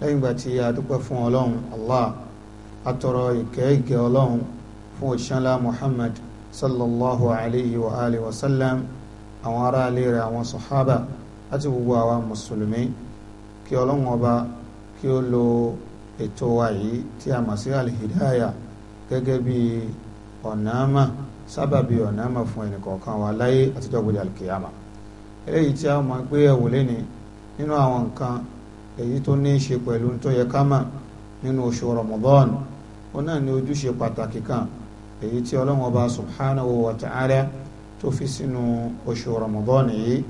lẹ́yìn ìgbà tí a dúpẹ́ fún ọlọ́run allah atọrọ ìkẹ́ ìkẹ́ ọlọ́run fún òṣìṣẹ́lá muhammad sallallahu alayhi wa alihi wa sallam àwọn ará ilé rẹ̀ àwọn sàhábà láti gbogbo àwa mùsùlùmí kí ọlọ́run ọba kí ó lo ètò wa yìí tí a mọ̀ sí alhidaya gẹ́gẹ́ bí ọ̀nàmà sábàbí ọ̀nàmà fún ẹnìkọ̀ọ̀kan wa láyé àtijọ́ gbọdọ̀ alkiyama eléyìí tí a mọ̀ pé ẹ̀wò lẹ́ni nínú àwọn nǹkan èyí tó ní í ṣe pẹ̀lú tó yẹ ká mà nínú oṣù Ramadan ó náà ní ojúṣe pàtàkì kan èyí tí Ọlọ́run Ọba subhanahu wa ta'ala tó fi sínú oṣù Ramadan yìí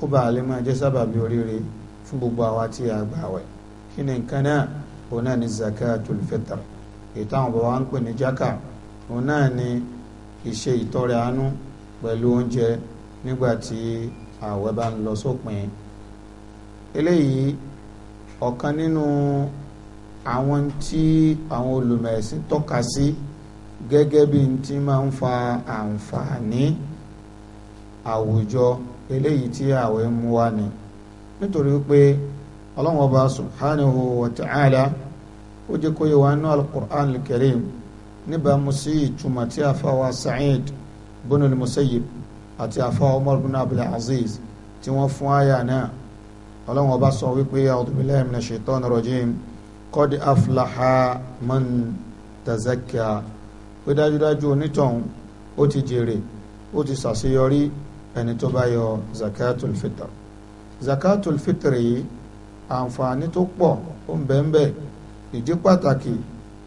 kó bá lè máa jẹ́ sábàbí oríire fún gbogbo àwa tí a gbà wẹ̀ kí ni nǹkan náà ó náà ní zakatul fitr èyí táwọn bàbá wa ń pè ní jaka ó náà ní ìṣe ìtọrẹ àánú pẹ̀lú oúnjẹ nígbà tí ààwẹ̀ bá ń lọ sópin eléyìí ọ̀kan nínú àwọn tí àwọn olùmẹ̀sìn tọ́ka sí gẹ́gẹ́ bí n ti máa ń fa àǹfààní àwùjọ eléyìí tí àwẹ̀ mú wá ni nítorí pé ọlọ́run ọba subhanahu wa ta'ala ó jẹ́ kó yẹ wá nú al-Qur'an níbàámu sí ìtumọ̀ tí àfáwà Sa'id bin al-Musayyib àti àfáwà Umar bin Abdul Aziz tí wọ́n fún àyà náà ọlọ́run ọba sọ wípé a'udhu billahi minash shaitani rajim qad aflaha man tazakka pé dájúdájú onítọ̀hún ó ti jèrè ó ti ṣàṣeyọrí ẹni tó bá yọ zakatul fitr zakatul fitr yìí àǹfààní tó pọ̀ ó ń bẹ ń bẹ ìdí pàtàkì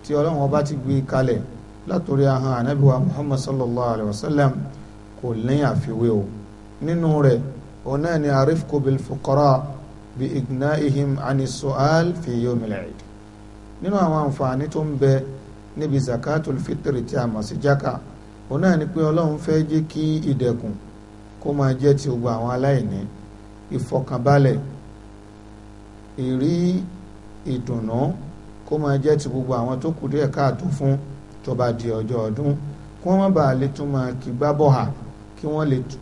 tí ọlọ́run ọba ti gbé kalẹ̀ látòrí ahọ́n ànábìwá muhammad sallallahu alayhi wa sallam kò lẹ́yìn àfiwé o nínú rẹ̀ ọ̀nà ni arifku bil fuqara bí igna'ihim ani su'al fi yawmil eid nínú àwọn àǹfààní tó ń bẹ níbi zakatul fitri tí a mọ̀ sí jaka òun náà ni pé ọlọ́run fẹ́ jẹ́ kí ìdẹ̀kùn kó máa jẹ́ ti gbogbo àwọn aláìní ìfọkànbalẹ̀ ìrí ìdùnnú kó máa jẹ́ ti gbogbo àwọn tó kù díẹ̀ káàtó fún tó di ọjọ́ ọdún kí wọ́n má lè tún máa kí gbábọ̀ hà kí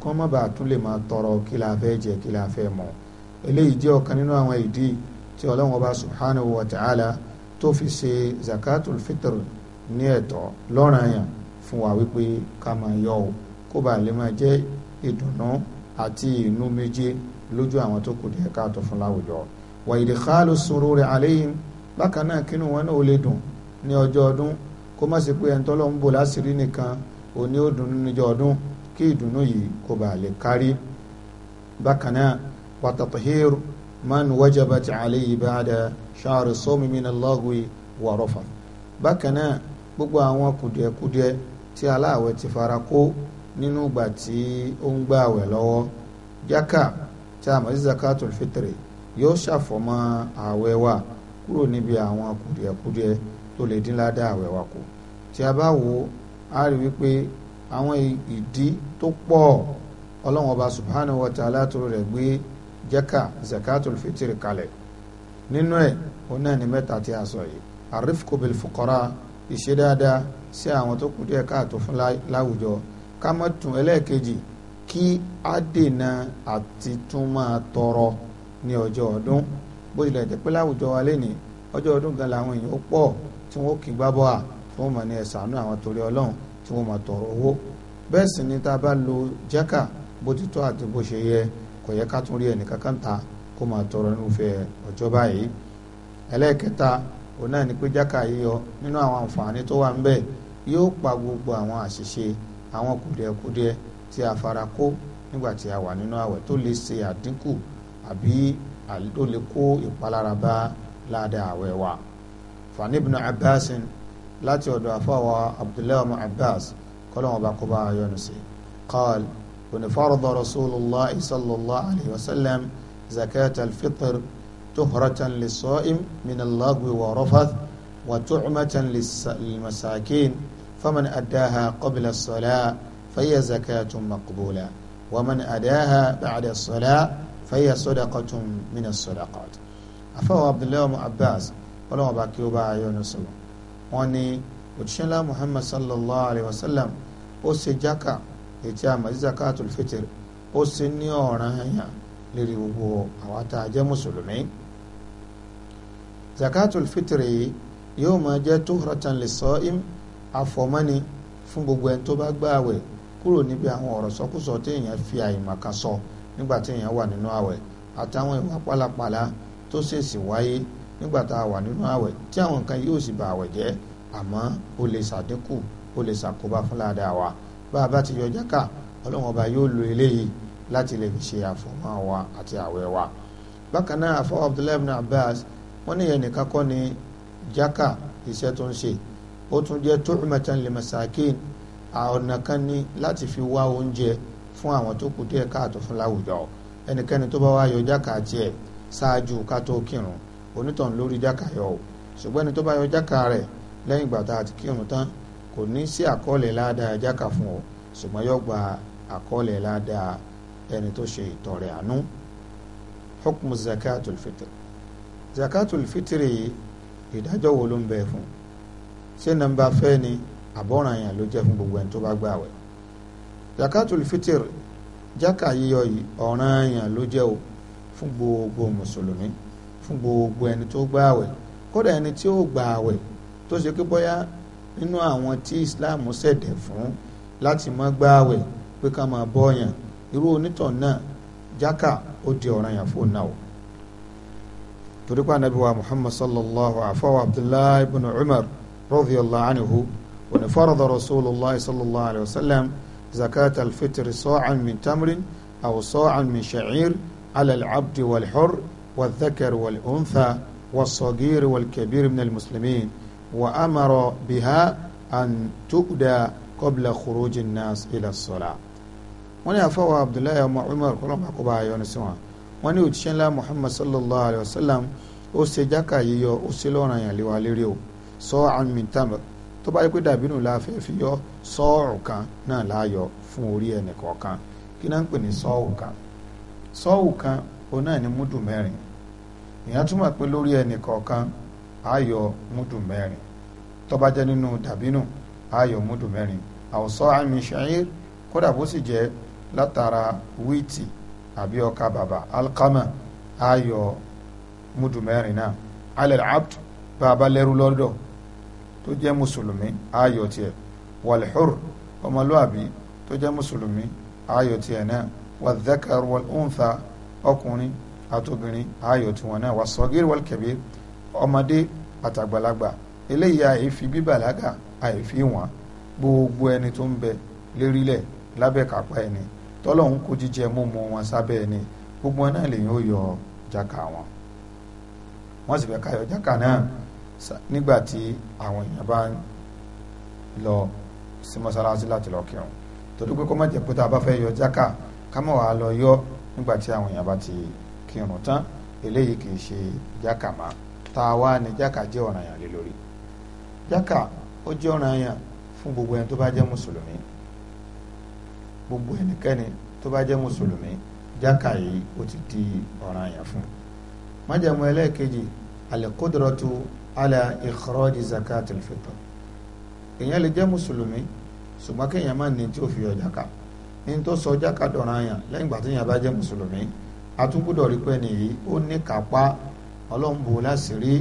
wọ́n má bàa tún lè máa tọrọ kí la fẹ́ jẹ kí la fẹ́ mọ̀ eléyìí jẹ́ ọ̀kan nínú àwọn ìdí tí ọlọ́run ọba subhanahu wa ta'ala tó fi ṣe zakatul fitr ní ẹ̀tọ́ lọ́ranyàn fún wa wípé ká máa yọ ọ́ kó bàa lè máa jẹ́ ìdùnnú àti inú méje lójú àwọn tó kù díẹ̀ káàtó fún láwùjọ wa idkhalu sururi alayhim bákan náà kínú wọn náà ó lè dùn ní ọjọ́ ọdún kó má sì pé ẹni tọ́lọ́ ń bò láṣìírí nìkan òní ó dùn níjọ́ ọdún kí ìdùnnú yìí kó bàa lè kárí bákan náà وتطهير من وجبت عليه بعد شهر الصوم من اللغو ورفض. بكنا náà gbogbo àwọn kùdìẹ̀kudiẹ tí aláàwẹ̀ ti fara kó nínú ìgbà tí ó ń gbà àwẹ̀ lọ́wọ́ jákà tí a mọ̀ sí zakatul fitri yóò ṣàfọ̀mọ́ àwẹ̀ wa kúrò níbi àwọn kùdìẹ̀kudiẹ tó lè dín ládàá àwẹ̀ wa kù tí a bá wò á rí wípé àwọn ìdí tó pọ̀ ọlọ́run ọba subhanahu wa ta'ala tó rẹ̀ gbé jẹ́ka zakatul fitr kalẹ̀ nínú ẹ̀ òun náà ni mẹ́ta tí a sọ yìí arifku bil fuqara ìṣe dáadáa sí àwọn tó kù díẹ̀ káàtó fún láwùjọ ká má tún ẹlẹ́ẹ̀kejì kí á dènà àti tún máa tọrọ ní ọjọ́ ọdún bó tilẹ̀ jẹ́ pé láwùjọ wa lẹ́ni ọjọ́ ọdún gan làwọn èèyàn ó pọ̀ tí wọ́n ó kí gbábọ́ à tí wọ́n mọ̀ ní ẹ̀sánú àwọn torí ọlọ́run tí wọ́n mọ̀ tọrọ owó bẹ́ẹ̀ sì ni tá a bá lo jẹ́ka bó ti tọ́ àti bó ṣe yẹ kò yẹ ká tún rí ẹnìkan kan ta kó máa tọrọ nínú fẹ ọjọ́ báyìí ẹlẹ́ẹ̀kẹta òun náà ni pé jáka yíyọ nínú àwọn àǹfààní tó wà ń bẹ yóò pa gbogbo àwọn àṣìṣe àwọn kùdìẹ̀kudiẹ tí a fara kó nígbà tí a wà nínú àwẹ̀ tó lè ṣe àdínkù àbí tó lè kó ìpalára bá ládàá àwẹ̀ wa fani ibn abbas láti ọ̀dọ̀ àfọwọ́ abdullahi abbas kọ́lọ́wọ́n bá kó bá a yọnu sí i òní farada rasulullah sallallahu alayhi wa sallam zakat alfitr tuhratan lisa'im minallagwi wa rafath wa tu'matan lilmasakin faman addaha qabla as-salah fahiya zakatun maqbula ومن أداها بعد الصلاة فهي صدقة من الصدقات أفوى عبد الله بن عباس ولو باكيو با عيون سلو واني وتشلا محمد صلى الله عليه وسلم أسجاكا ètí àmọ́ sí zakatul fitr ó sì ní ọ̀ranyàn lérí gbogbo àwa tá a jẹ́ mùsùlùmí zakatul fitr yìí yóò máa jẹ́ tuhratan lis-sa'im àfọ̀mọ́ni fún gbogbo ẹni tó bá gbààwẹ̀ kúrò níbi àwọn ọ̀rọ̀ sọkúsọ tí èèyàn fi àìmọ̀kan sọ nígbà tí èèyàn wà nínú àwẹ̀ àtàwọn ìwà pálapàla tó ṣèèṣì wáyé nígbà tá a wà nínú àwẹ̀ tí àwọn nǹkan yóò sì ba àwẹ̀ jẹ́ àmọ́ ó lè ṣàdínkù ó lè ṣàkóbá fún wa bá a bá ti yọ jákà ọlọ́run ọba yóò lo eléyìí láti lè fi ṣe àfọ̀mọ́ wa àti àwẹ̀ wa bákan náà àfọ abdullahi ibn abbas wọ́n ní ìyẹn nìkan kọ́ ni jákà iṣẹ́ tó ń ṣe ó tún jẹ́ tu'matan lil masakin ọ̀nà kan ní láti fi wá oúnjẹ fún àwọn tó kù díẹ̀ káàtó fún láwùjọ ẹnikẹ́ni tó bá wá yọ jákà tiẹ̀ ṣáájú ká tó kírun onítàn lórí jákà yọ ṣùgbọ́n ẹni tó bá yọ jákà rẹ̀ lẹ́yìn ìgbà tá kírun tán kò ní sí àkọọ́lẹ̀ ládàá jákà fún ọ ṣùgbọ́n yóò gba àkọọ́lẹ̀ ládàá ẹni tó ṣe ìtọrẹ àánú hukmu zakatul fitr zakatul fitr yìí ìdájọ́ wo ló ń bẹ fún ṣé nàmbà fẹ́ ni àbọ̀ràn yẹn ló jẹ́ fún gbogbo ẹni tó bá gbààwẹ̀ zakatul fitr jákà yíyọ yìí ọ̀ràn yẹn ló jẹ́ o fún gbogbo mùsùlùmí fún gbogbo ẹni tó gbààwẹ̀ kódà ẹni tí ó gbààwẹ̀ tó ṣe pé bóyá nínú àwọn tí islam ṣẹ̀dẹ̀ fún láti má gbààwẹ̀ pé ká máa bọ́ọ̀yàn irú onítọ̀ náà jákà ó di ọ̀ranyàn fún náà torí pa anabi wa muhammad sallallahu afaw abdullahi ibn umar radiyallahu anhu wani farada rasulillah sallallahu alayhi wa sallam zakat alfitr soocan min tamrin aw soocan min shacir على العبد والحر والذكر والأنثى والصغير والكبير من وأمر بها أن تؤدى قبل خروج الناس إلى الصلاة wọ́n ní àfọwọ́ abdullahi ọmọ umar kọlọ́mọ àkọ́bá ayọ́nu sí wọn wọ́n ní òjíṣẹ́ ńlá muhammad sallallahu alayhi wa sallam ó ṣe jáka yíyọ ó ṣe lọ́ràn yàn léwa lérí o sa'an min tamr tó bá yẹ pé dàbínú la fẹ́ fi yọ sọ́ọ̀rù kan náà láàyọ fún orí ẹnì kọ̀ọ̀kan kí náà ń pè ní sọ́ọ̀rù kan sọ́ọ̀rù kan òun náà ní múdù mẹ́rin ìyẹn túmọ̀ pé lórí ẹnì kọ̀ọ̀kan ayọ̀ múdù mẹ́rin tó bá jẹ́ nínú dàbínù ayọ̀ múdù mẹ́rin àwòsàn àmì ṣẹ́yìn kódà bó sì jẹ́ látara wíìtì àbí ọkà bàbà alkama ayọ̀ múdù mẹ́rin náà alẹ́ abd bàbá lẹ́rú lọ́dọ̀ tó jẹ́ mùsùlùmí ayọ̀ tiẹ̀ walhur ọmọlúàbí tó jẹ́ mùsùlùmí ayọ̀ tiẹ̀ náà wàdẹ́kẹ̀rù wal untha ọkùnrin àtobìnrin ayọ̀ tiwọn náà wàsọ̀gírì wal kabir ọmọdé àtàgbàlagbà eléyìí àìfi bíbàlágà àìfi wọn gbogbo ẹni tó ń bẹ lérílẹ̀ lábẹ́ kápá ẹni tọ́lọ́hún kó jíjẹ mímu wọn sábẹ́ ẹni gbogbo wọn náà lèyìn ó yọ jáka wọn wọ́n sì fẹ́ ká yọ jáka náà nígbà tí àwọn èèyàn bá ń lọ sí mọ́sálásí láti lọ kírun torí pé kó má jẹ́ pé tá a bá fẹ́ yọ jáka ká má wàá lọ yọ nígbà tí àwọn èèyàn bá ti kírun tán eléyìí kì í ṣe jáka máa tá ni jaka ní jáka jẹ́ ọ̀ranyàn lé lórí jáka ó jẹ́ ọ̀ranyàn fún gbogbo ẹni tó bá jẹ́ mùsùlùmí gbogbo ẹnikẹ́ni tó bá jẹ́ mùsùlùmí jáka yìí ó ti di ọ̀ranyàn fún májàmú ẹlẹ́ẹ̀kejì alẹ́kódọ́rọ́tù ala ìkọ́rọ́jì zakat al-fitr èèyàn lè jẹ́ mùsùlùmí ṣùgbọ́n kéèyàn má ní tí ó fi yọ jáka ní tó sọ jáka dọ̀ranyàn lẹ́yìn ìgbà téèyàn bá jẹ́ mùsùlùmí a rí pé nìyí ó ní kápá ọlọ́run bò láṣìírí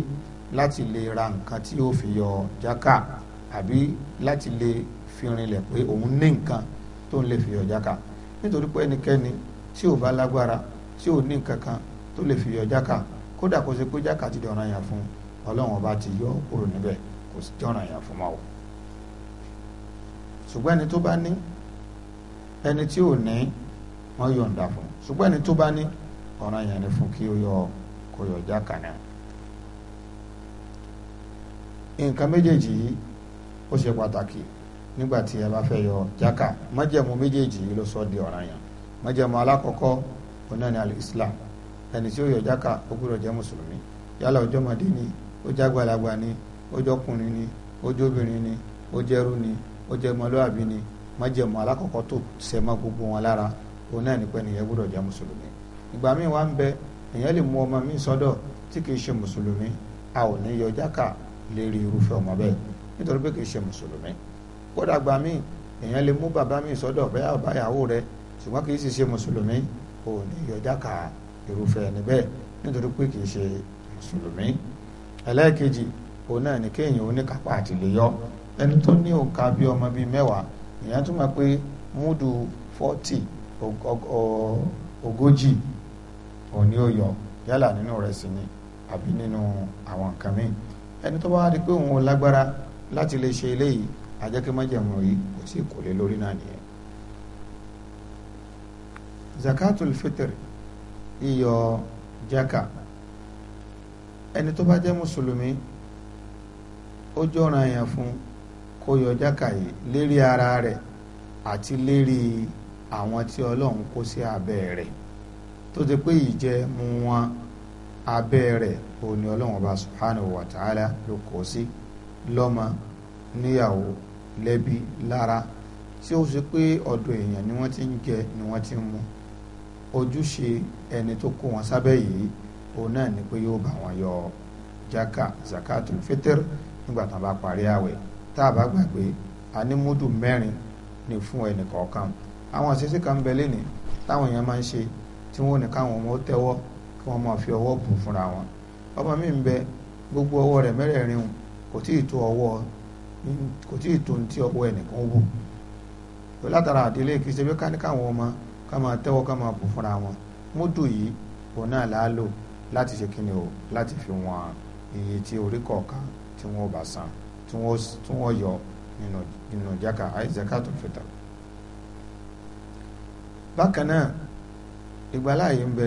láti lè ra nǹkan tí ó fi yọ jáka àbí láti lè fi rinlẹ̀ pé òun ní nǹkan tó ń lè fi yọ jáka nítorí pé ẹnikẹ́ni tí ò bá lágbára tí ò ní nǹkan kan tó lè fi yọ jáka kódà kó ṣe pé jáka ti dọ̀ràn yàn fún ọlọ́run ọba ti yọ kúrò níbẹ̀ kò sí dọ̀ràn yàn fún ma ṣùgbọ́n ẹni tó bá ní ẹni tí ò ní wọ́n yọ̀ǹda fún ṣùgbọ́n ẹni tó bá ní ọ̀ràn yàn ni fún kí ó yọ ọ́ kó yọ jáka náà nǹkan méjèèjì yìí ó ṣe pàtàkì nígbà tí ẹ bá fẹ́ yọ jáka májẹ̀mú méjèèjì yìí ló sọ di ọ̀ranyàn májẹ̀mú alákọ̀ọ́kọ́ ọ̀nà ni al-Islam ẹni tí ó yọ jáka ó gbúdọ̀ jẹ́ mùsùlùmí yálà ó jọmọdé ni ó jágbàlagbà ni ó jọkùnrin ni ó jóbìnrin ni ó jẹ́rú ni ó jẹ́ mọ́lúwàbí ni májẹ̀mú alákọ̀ọ́kọ́ tó ṣẹ gbogbo wọn lára òun náà ni pé gbúdọ̀ jẹ́ mùsùlùmí ìgbà míì wá ń bẹ èèyàn lè mú ọmọ mi sọ́dọ̀ tí kìí ṣe mùsùlùmí a ò ní yọ jáka lérí irúfẹ́ ọmọ bẹ́ẹ̀ nítorí pé kìí ṣe mùsùlùmí kódà gbà mí èèyàn lè mú bàbá mi sọ́dọ̀ bẹ́ẹ̀ ọba ìyàwó rẹ ṣùgbọ́n kìí sì ṣe mùsùlùmí ò ní yọ jáka irúfẹ́ ẹni bẹ́ẹ̀ nítorí pé kìí ṣe mùsùlùmí ẹlẹ́ẹ̀kejì òun náà ní kéèyàn oníkápá àti lè yọ ẹni tó ní òǹkà bíi ọmọ bíi mẹ́wàá òní ó yọ yálà nínú rẹ̀ sì ni àbí nínú àwọn nǹkan míì ẹni tó bá wá di pé òun ò lágbára láti lè ṣe eléyìí ajẹ́kẹ́ májẹ̀mú yìí kò sí kò lè lórí náà nìyẹn. zakatul fitr iyọ jaka ẹni tó bá jẹ́ mùsùlùmí ó jọ́ra yẹn fún kó yọ jaka yìí lérí ara rẹ̀ àti lérí àwọn tí ọlọ́run kó sí abẹ́ rẹ̀ tó ti pé ìjẹ mu wọn abẹ́ rẹ̀ òun ni ọlọ́run ọba subhanahu wa ta'ala ló kọ́ sí lọ́mọ níyàwó lẹ́bí lára tí ó ṣe pé ọ̀dọ̀ èèyàn ni wọ́n ti ń jẹ ni wọ́n ti ń mu ojúṣe ẹni tó kó wọn sábẹ́ yìí òun náà ni pé yóò bá wọn yọ jaka zakatul fitr nígbà tí wọ́n bá parí àwẹ̀ tá a bá gbàgbé a ní múdù mẹ́rin ni fún ẹnì kọ̀ọ̀kan àwọn àṣẹṣe kan ń bẹ lẹ́ni táwọn èèyàn máa ń ṣe tí wọ́n ní káwọn ọmọ tẹ́wọ́ kí wọ́n máa fi ọwọ́ bù fúnra wọn ọmọ mi ń bẹ gbogbo ọwọ́ rẹ̀ mẹ́rẹ̀ẹ̀rin kò tí ì tó ọwọ́ kò tí ì tó ní tí ọwọ́ ẹnìkan wù látara àdílé kì í ṣe pé káníkà àwọn ọmọ ká máa tẹ́wọ́ ká máa bù fúnra wọn múdù yìí òun náà là á lò láti ṣe kíni o láti fi wọn iye tí orí kọ̀ọ̀kan tí wọ́n bá san tí wọ́n yọ nínú jáka àìsíkà tó fi bákan náà ìgbàláyé ń bẹ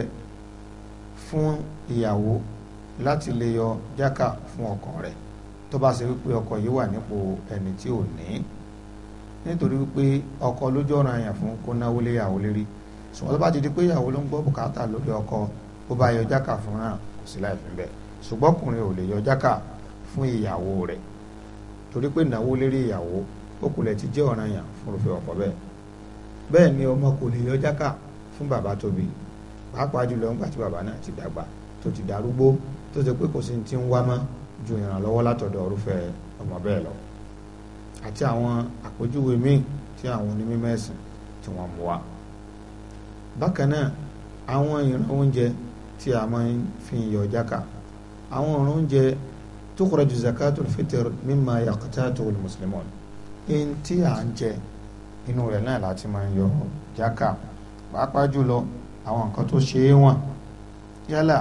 fún ìyàwó láti lè yọ jáka fún ọkọ rẹ̀ tó bá ṣe wípé ọkọ yìí wà nípò ẹni tí ò ní nítorí wípé ọkọ lójú ọ̀ràn àyàn fún kó náwó lé ìyàwó lérí ṣùgbọ́n tó bá ti di pé ìyàwó ló ń gbọ́ bùkátà lórí ọkọ ó bá yọ jáka fún náà kò sí láì fi bẹ́ẹ̀ ṣùgbọ́n ọkùnrin ò lè yọ jáka fún ìyàwó rẹ̀ torí pé náwó lérí ìyàwó ó kulẹ̀ ti jẹ́ ọ̀ràn àyàn fún òfin ọkọ bẹ́ẹ̀ bẹ́ẹ̀ ni ọmọ kò lè yọ jáka fún bàbá tóbi pàápàá jùlọ nígbà tí bàbá náà ti dàgbà tó ti darúgbó tó ti pé kò sí ti ń wá mọ́ ju ìrànlọ́wọ́ látọ̀dọ̀ orúfẹ́ ọmọ bẹ́ẹ̀ lọ àti àwọn àpèjúwe míì tí àwọn onímọ̀ ẹ̀sìn tí wọ́n mú wá. bákan náà àwọn ìran oúnjẹ tí a máa ń fi yọ jáka àwọn ìran oúnjẹ tukhraju zakatul fitr mimma yaqtatuhu al-muslimun ẹni tí à ń jẹ inú rẹ̀ náà láti máa ń yọ jáka pàápàá jùlọ àwọn nǹkan tó ṣe é wọ̀n yálà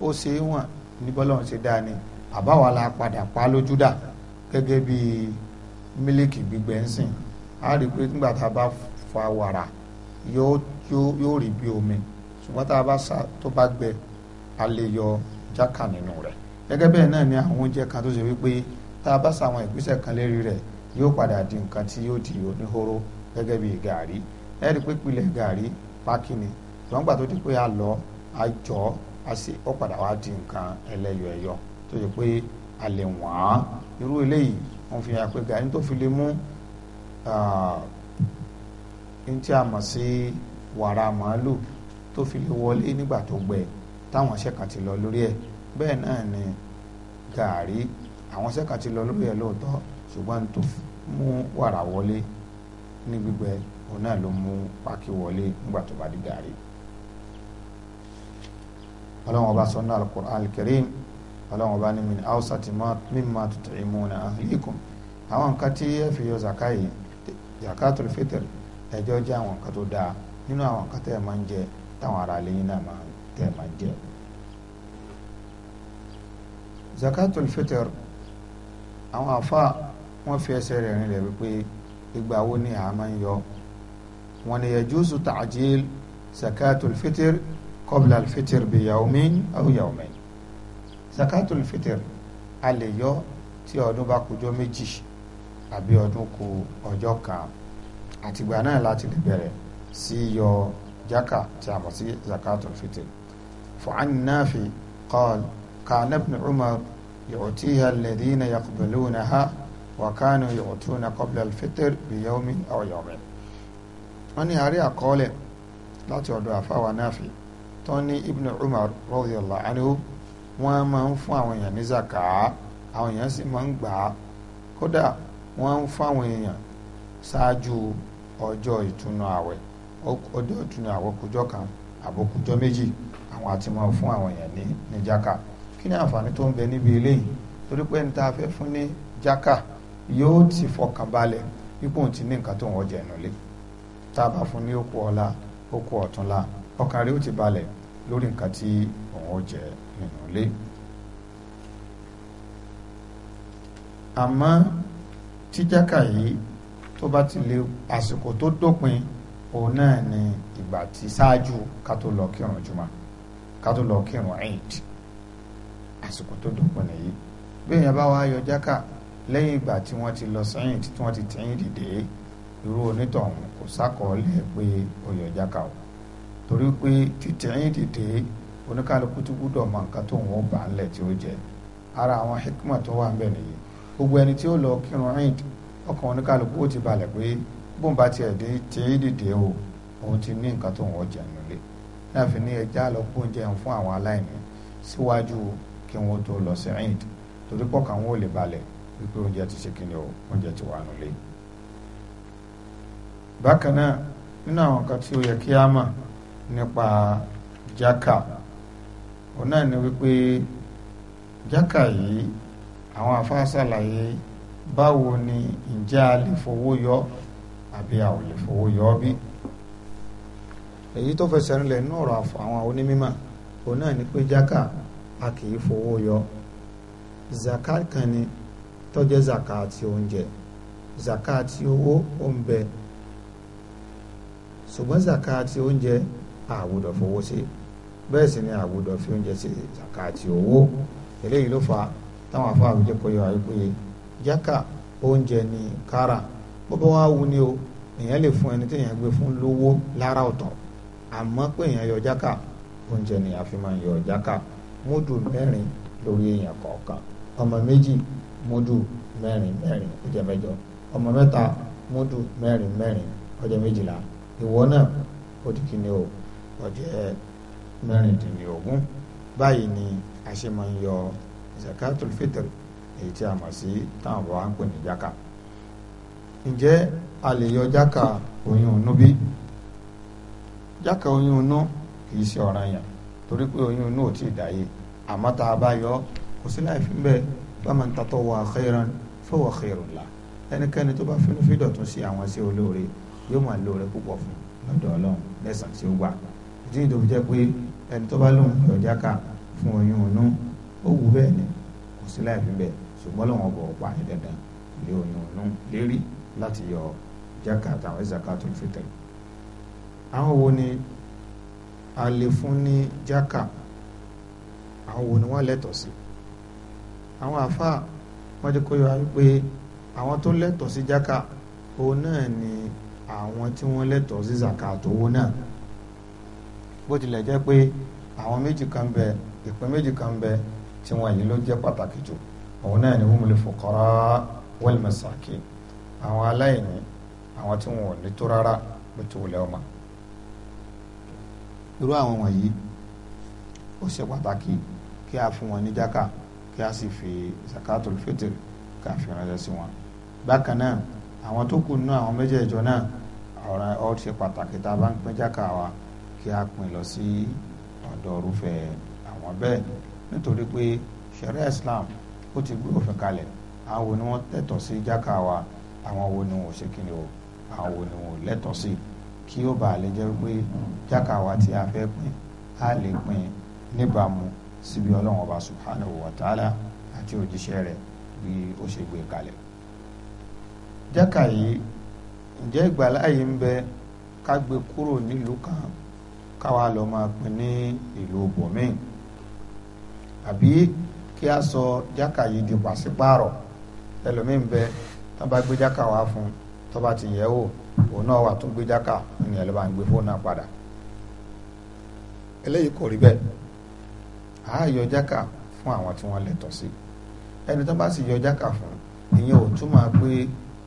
ó ṣe é wọ̀n ní ṣe dáa ni àbáwá la padà pa lójú dà gẹ́gẹ́ bí mílíkì gbígbẹ ń sìn á rí i pé nígbà tá a bá fa wàrà yóò yóò rí bí omi ṣùgbọ́n tá a bá sa tó bá gbẹ a lè yọ jákà nínú rẹ̀ gẹ́gẹ́ bẹ́ẹ̀ náà ni àwọn oúnjẹ kan tó ṣe wípé tá a bá sa àwọn ìgbésẹ̀ kan lérí rẹ̀ yóò padà di nǹkan tí yóò di oníhóró gẹ́gẹ́ bí gàrí ẹ rí i pé pilẹ̀ gàrí pákí ni ṣùgbọ́n gbà tó di pé a lọ a jọ a sì ó padà wá di nǹkan ẹlẹ́yọ ẹ̀yọ tó yẹ pé a lè wọ̀n án irú eléyìí wọ́n fi hàn pé gàrí tó fi lè mú ní tí a mọ̀ sí wàrà màálù tó fi lè wọlé nígbà tó gbẹ táwọn ṣẹ́ka ti lọ lórí ẹ̀ bẹ́ẹ̀ náà ni gàrí àwọn ṣẹ́ka ti lọ lórí ẹ̀ lóòótọ́ ṣùgbọ́n tó mú wàrà wọlé ní gbígbẹ òun náà ló mú pákí wọlé nígbà tó bá di gàrí ọlọ́run ọba sọ́nà al-Qur'an al-Karim ọlọ́run ọba ní min awsati mimma tut'imuna ahlikum àwọn nǹkan tí ẹ fi yọ zaka yìí zakatul fitr ẹjọ́ jẹ́ àwọn nǹkan tó dáa nínú àwọn nǹkan tẹ́ ẹ máa ń jẹ táwọn ará lẹ́yìn náà máa tẹ́ ẹ máa ń jẹ. zakatul fitr àwọn àfa wọn fi ẹsẹ̀ rẹ̀ rinlẹ̀ wípé ìgbà wo ni a máa ń yọ wọ́n ní yajuzu ta'jil zakatul fitr qabla al-fitr bi yawmin aw yawmayn zakatul fitr a lè yọ tí ọdún bá kújọ́ méjì àbí ọdún kù ọjọ́ kan àtìgbà náà láti lè bẹ̀rẹ̀ sí yọ jaka tí a mọ̀ sí zakatul fitr fa'an nafi qala kana ibn umar yu'tiha alladhina yaqbalunaha wa kanu yu'tuna qabla al bi yawmin aw yawmayn wọ́n ní àárẹ̀ àkọọ́lẹ̀ láti ọ̀dọ̀ àfáwà náàfi tó ní ibn umar radiyallahu anhu wọ́n máa ń fún àwọn èèyàn ní zaka àwọn èèyàn sì máa ń gbà á kódà wọ́n ń fún àwọn èèyàn ṣáájú ọjọ́ ìtúnu àwẹ̀ ọjọ́ ìtúnu àwẹ̀ kújọ́ kan àbókújọ́ méjì àwọn àti máa fún àwọn èèyàn ní ní jaka kí ni àǹfààní tó ń bẹ níbi eléyìí torí pé ní ta fẹ́ fún ní jaka yóò ti tá a bá fún ní okú ọ̀la okú ọ̀túnla ọkàn rẹ̀ ó ti balẹ̀ lórí nǹkan tí òun ó jẹ nínú ilé. àmọ́ tíjáka yìí tó bá ti lè àsìkò tó dópin òun náà ni ìgbà tí ṣáájú ká tó lọ kírun jùmọ̀ ká tó lọ kírun eid àsìkò tó dópin nìyí bí èèyàn bá wá yọ jáka lẹ́yìn ìgbà tí wọ́n ti lọ sẹ́yìn tí wọ́n ti tẹ̀yìn dìde irú onítọ̀hún kò sákọọ́lẹ̀ pé oyè ọjà kà ó torí pé títẹ̀yìn dìde oníkálukú tó gbúdọ̀ mọ nǹkan tó wọn bá ńlẹ̀ tí ó jẹ ara àwọn hikma tó wà ńbẹ̀ nìyí gbogbo ẹni tí ó lọ kírun ẹ̀yìn ọkàn oníkálukú ó ti balẹ̀ pé bóun bá tiẹ̀ dé tẹ̀yìn dìde o òun ti ní nǹkan tó wọn jẹ nílé náà fi ní ẹja lọ kó oúnjẹ fún àwọn aláìní síwájú kí wọn tó lọ sí ẹ̀yìn torí pọ̀ kàn wọn ò lè balẹ̀ wípé oúnjẹ ti ṣe kíni o oúnjẹ ti wà nílé bákan náà nínú àwọn kan tí ó yẹ kí a mọ̀ nípa jákà òun náà ni wípé jákà yìí àwọn àfáà ṣàlàyé báwo ni ǹjẹ́ a lè fowó yọ àbí a ò lè fowó yọ bí èyí tó fẹsẹ̀ rinlẹ̀ nínú ọ̀rọ̀ àwọn onímọ̀ òun náà ni pé jákà a kì í fowó yọ zakat kan ni tó jẹ́ zakat oúnjẹ zakat owó ó ṣùgbọ́n zakati oúnjẹ àwùdọ̀ fowó sí bẹ́ẹ̀ sì ni àwùdọ̀ fi oúnjẹ sí zakati owó eléyìí ló fa táwọn afọ àwùjẹ kọ yọ àìpéye jaka oúnjẹ ni kára bọ́bá wa wù ni o èèyàn lè fún ẹni téèyàn gbé fún lówó lára ọ̀tọ̀ àmọ́ pé èèyàn yọ jákà oúnjẹ ni a fi máa ń yọ jákà múdù mẹ́rin lórí èèyàn kọ̀ọ̀kan ọmọ méjì múdù mẹ́rin mẹ́rin ó jẹ́ mẹ́jọ ọmọ mẹ́ta múdù mẹ́rin mẹ́rin ó méjìlá ìwọ náà ó di kíni o ọjọ́ mẹ́rìndínlógún báyìí ni a ṣe máa ń yọ zakatul fitr èyí tí a mọ̀ sí táwọn bàbá ń pè ní jáka ǹjẹ́ a lè yọ jáka oyún inú bí jáka oyún inú kì í ṣe ọ̀ranyàn torí pé oyún inú ò tí ì dáyé àmọ́ tá a bá yọ kò sí láì fi bẹ́ẹ̀ faman tatawwa khairan fahuwa khairun lah ẹnikẹ́ni tó bá finú fídọ̀ sí àwọn sí olóore yóò máa lóore púpọ̀ fún ọ̀dọ̀ ọlọ́run lẹ́sàn tí ó wà ìdí ìdòwò jẹ́ pé ẹni tó bá lóun yọ jáka fún oyún inú ó wù bẹ́ẹ̀ ni kò sí láì fi bẹ́ẹ̀ ṣùgbọ́n lọ́wọ́ bọ̀ pa ní dandan ilé oyún inú lérí láti yọ jáka àtàwọn ìzàká tó fi tẹ̀lé. àwọn wo ni a lè fún ní jáka àwọn wo ni wọ́n lẹ́tọ̀ọ́ sí àwọn àfáà wọ́n ti kó yọ wípé àwọn tó lẹ́tọ̀ọ́ sí jáka òun náà ni àwọn tí wọ́n lẹ́tọ̀ọ́ sí zakat owó náà bó tilẹ̀ jẹ́ pé àwọn méjì kan bẹ ìpín méjì kan bẹ tí wọ́n yìí ló jẹ́ pàtàkì jù òun náà ni humul fuqara wal masakin àwọn aláìní àwọn tí wọn ò ní tó rárá bó ti wùlẹ̀ ọmọ irú àwọn wọ̀nyí ó ṣe pàtàkì kí a fún wọn ní jáka kí a sì fi zakatul fitr ká fi ránṣẹ́ sí wọn bákan náà àwọn tó kù nínú àwọn méjèèjọ náà ọ̀ràn ọ ṣe pàtàkì tá a bá ń pín jáka wa kí a pín lọ sí ọ̀dọ̀ irúfẹ́ àwọn bẹ́ẹ̀ nítorí pé ṣẹ̀ríà Islam ó ti gbé òfin kalẹ̀ àwọn wo ni wọ́n tẹ̀tọ̀ sí jáka wa àwọn wo ni wọ́n ò ṣe kíni o àwọn wo ni wọ́n ò lẹ́tọ̀ sí kí ó bàa lè jẹ́ pé jáka wa tí a fẹ́ pín a lè pín níbàámu síbi ọlọ́run ọba subhanahu wa ta'ala àti òjíṣẹ́ rẹ̀ bí ó ṣe gbé kalẹ̀. jákà yìí ǹjẹ́ ìgbàláyé ń bẹ ká gbé kúrò nílùú kan káwa lọ máa pín ní ìlú bòmíì àbí kí a sọ jákà yìí di pàṣípààrọ̀ ẹlòmíín bẹ tó bá gbé jákà wá fún tó bá ti yẹ̀ wò òun náà wà tún gbé jákà ní ẹ̀ ló bá ń gbé fóònù náà padà eléyìí kò rí bẹ́ẹ̀ a yọ jákà fún àwọn tí wọ́n lẹ̀ tọ́ sí ẹni tó bá sì yọ jákà fún ìyẹn ò túmọ̀ pé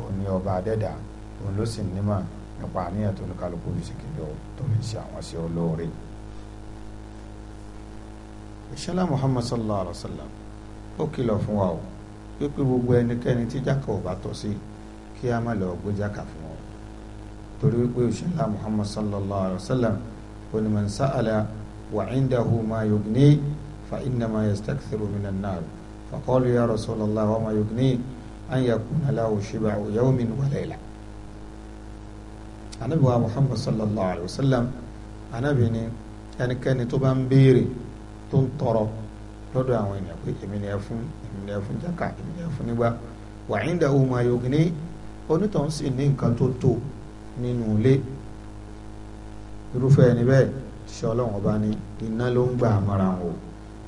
òun ni ọba adẹ́dà òun ló sì nímọ̀ nípa àníyàn tó ní kálukú ní sìkìlẹ̀ o tó ní ṣe àwọn sí olóore. ìṣẹ́lá Muhammad sallallahu alayhi wa sallam ó kìlọ̀ fún wa o wípé gbogbo ẹnikẹ́ni tí jákà ò bá tọ́ sí kí a má lọ gbé jákà fún ọ torí wípé ìṣẹ́lá Muhammad sallallahu alayhi wa sallam ó ní man sa'ala wa indahu ma yugni fa innama yastakthiru minan nar fa qalu ya rasulallah wa ma yugni an yakuna lahu shiba'u yawmin wa layla anabi wa muhammad sallallahu alayhi wa sallam anabi ni ẹnikẹ́ni tó bá ń béèrè tó ń tọrọ lọ́dọ̀ àwọn ènìyàn pé èmi ni ẹ fún èmi ni ẹ fún jaka èmi ni ẹ fún nígbà wa indahu ma yughni onítọ̀hún sì ní nǹkan tó tó nínú ilé irúfẹ́ ẹni bẹ́ẹ̀ ṣiṣẹ́ ọlọ́run ọba ni iná ló ń gbà mọ́ra wọn o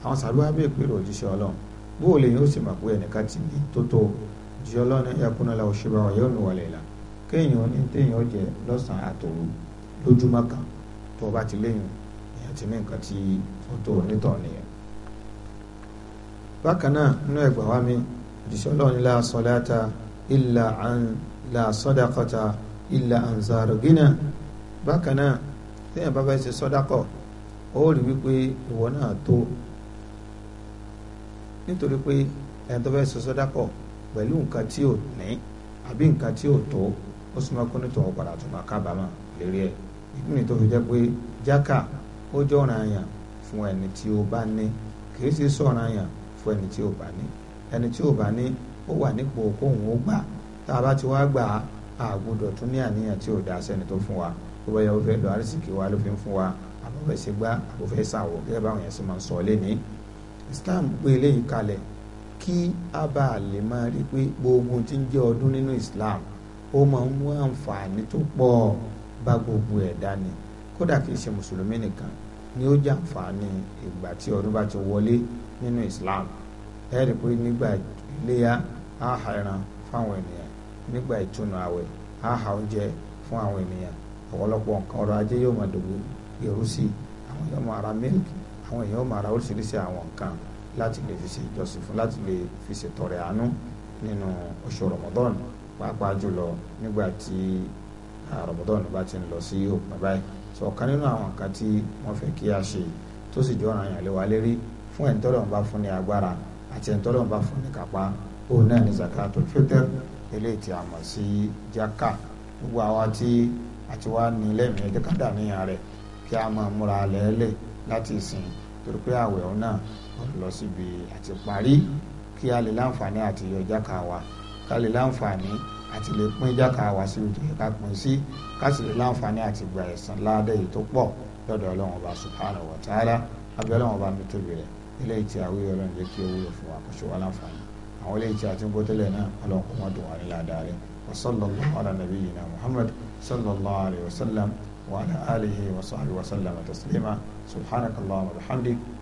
àwọn sàbí bẹ́ẹ̀ pèrè òjíṣẹ́ ọlọ́run bóòlù yìí ó sì mọ̀ pé ẹnìkan ti ní tó tó o jíjọ lọ́nà yakunala òṣèlú ọ̀yọ́ wọlé la kéèyàn ní téèyàn jẹ lọ́sàn-án àtòru lójúmọ́ kan tó o bá ti léyìn èèyàn ti ní nǹkan tí ó tó o nítọ̀ nìyẹn. bákan náà nínú ẹgbà wa mi jíjọ la salata illa an la sadaqata illa an zarugina bákan náà téèyàn bá fẹ́ ṣe sọ́dákọ̀ ó rí wípé ìwọ náà tó nítorí pé ẹni fẹ́ ṣe sọ́dákọ̀ pẹ̀lú nǹkan tí ò ní àbí nǹkan tí ò tó ó súnmọ́ kó ní tòun padà tó máa kábàámà lérí ẹ̀ ìdí tó fi jẹ́ pé jákà ó jẹ́ ọ̀ràn àyàn fún ẹni tí ó bá ní í sì sọ̀ràn àyàn fún ẹni tí ó bá ní ẹni tí ó bá ní ó wà nípò kóhùn ó gbà tá a bá ti wá gbà á àgùdọ̀ ní àníyàn tí ò dáa sẹ́ni tó fún wa bá yẹ kó fẹ́ lọ àrísìkì wa fún wa gbá kí a bá lè máa rí pé gbogbo tí ń jẹ́ ọdún nínú Islam ó máa ń mú àǹfààní tó pọ̀ bá gbogbo ẹ̀dá ni kódà kì í ṣe mùsùlùmí nìkan ni ó jẹ́ àǹfààní ìgbà tí ọdún bá ti wọlé nínú Islam ẹ rí pé nígbà iléyà á ha ẹran fáwọn ènìyàn nígbà ìtúnu àwẹ̀ á oúnjẹ fún àwọn ènìyàn ọ̀pọ̀lọpọ̀ nǹkan ọrọ̀ ajé yóò máa dògbò ìrú àwọn èèyàn máa ra mílíkì àwọn èèyàn máa ra oríṣiríṣi àwọn nǹkan láti lè fi ṣe ìjọsìn fún láti lè fi ṣètọrẹ àánú nínú oṣù Ramadan pàápàá jùlọ nígbà tí Ramadan bá ti ń lọ sí òpin báyìí sọ ọ̀kan nínú àwọn nǹkan tí wọ́n fẹ́ kí a ṣe tó sì jọ ràn yàn lé wa lérí fún ẹni tọ́lọ̀ ń bá fún ní agbára àti ẹni tọ́lọ̀ ń bá fún ní kápá òun náà ní zakatul fitr eléyìí tí a mọ̀ sí jaka gbogbo àwa tí a ti wá ní lẹ́mìí ẹ̀jẹ̀ ká dà níyàn rẹ̀ kí a máa múra lẹ́lẹ̀ láti sìn torí pé àwẹ̀ òun náà lọ síbi àti parí kí a lè láǹfààní àti yọ jáka wa ká lè láǹfààní àti lè pín jáka wa síbi tó yẹ ká pín sí ká sì lè láǹfààní àti gba ẹ̀san ládé yìí tó pọ̀ lọ́dọ̀ ọlọ́run ọba subhanahu wa ta'ala abẹ́ ọlọ́run ọba mi tóbi rẹ̀ eléyìí tí àwọn ọlọ́run jẹ́ kí ó wúlò fún wa kó ṣe wá láǹfààní àwọn eléyìí tí a ti ń gbọ́ tẹ́lẹ̀ náà ọlọ́run kò wọ́n dùn wá ní ládàá rẹ̀ wa sallallahu ala nabiyyina muhammad sallallahu alayhi wa sallam wa ala alihi wa sahbihi wa sallama taslima subhanakallahumma wa bihamdik